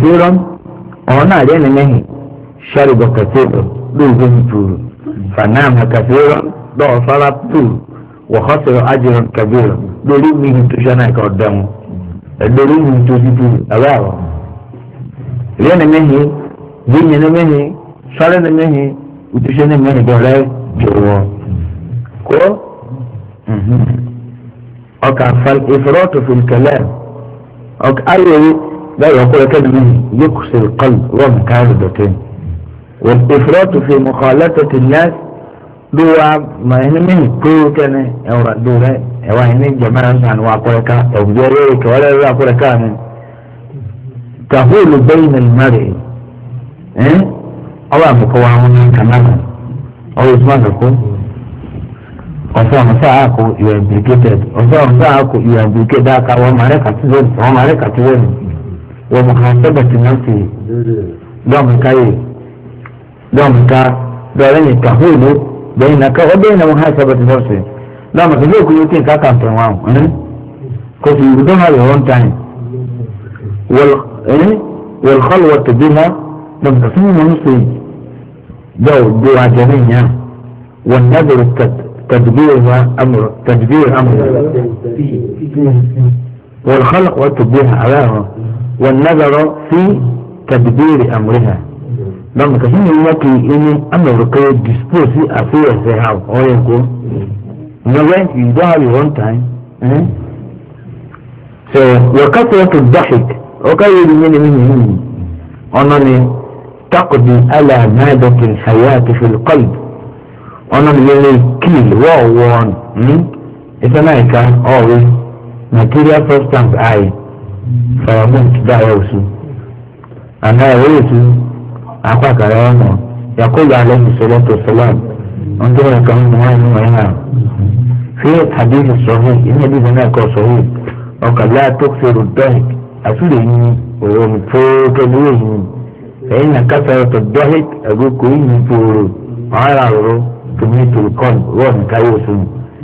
kẹsìrán ọ̀hún náà rí ẹni mẹ́hìn ṣẹ́rì bọ̀ kẹsìrán lóògbé mi tuuru fanam kẹsìrán lọ́ọ̀ sọ́lá tuuru wọ̀họ́sọ̀rọ̀ ajẹ́rán kẹsìrán lórí mi tó ṣẹ́nà ẹ̀ka ọ̀dẹ́ mu lórí mi tó ti tuuru ẹ̀rọ àrọ̀ rí ẹni mẹ́hìn gbẹ̀yìn ẹni mẹ́hìn sọ́lá ẹni mẹ́hìn ìtúṣẹ́ ẹni mẹ́hìn dọ̀rẹ́ jọ̀wọ́ kó ọkà ìfọ̀rọ̀tò fún kẹlẹ́ ọkà ayẹyẹ báyọ̀ kọ́ ẹ̀kẹ́ mi yókù sí kọ́lù wọ́n mi káàrọ̀ dọ̀tẹ́ ni. wọ́n ìfúrọ́tù fi mọ̀kọ́ alátọ̀tì náà ló wá mà ẹni mí kó kẹ́ni ẹ̀wọ̀rọ̀ dùn rẹ̀ ẹ̀wọ̀n ẹni jẹ̀mẹ́ ẹ̀ńsán wà kọ́rẹ́ká ẹ̀wùjọ́ rẹ̀ kẹ́wọ́rẹ́ rẹ̀ kọ́rẹ́ká mi. kàhóòlù bẹ́yìn ẹ̀lùmárì ẹ̀ ọwọ́ àbùkọ́ wa wọn ní kànáàkù ọwọ́ ìsúná kàkó ọ̀sẹ̀ ọ̀sẹ̀ àkó you are implicated ọ̀sẹ̀ ọ̀sẹ̀ àkó you are implicated dáka wọ́n màrẹ́ kàtúwẹ́nì wọ́n màrẹ́ kàtúwẹ́nì. ومحاسبة نفسه دوم كاي دوم كا دولين كهود بينك وبين محاسبة نفسه دوم كذلك يمكن كاكا تنوام إيه؟ كوفي يقدمها لهون تاني وال إيه؟ والخلوة بها لم تصمم نفسه جو جوا جميع والنذر تدبيرها أمر تدبير أمر والخلق وتدبيرها علىها والنظر في تدبير أمرها don ka shine yake in amurka ya dispose a fiyar sai ha oyin ko na when you don't have one time eh? so wa kasratu dhahik o ka yi ne ne ne ona ne taqdi ala madati alhayat fi alqalb ona ne ne kill wa won hmm it's like always material substance i daa da osu. ana yausu akwa kare wannan ya kula alaihi salatu wassalam an gina kamar mu wani mu yana fi na ko sahih o kala tuksiru dahik enyi ni o mi foto ni ni فإن كثرة الضحك أقول ya من فورو على عرو تميت القلب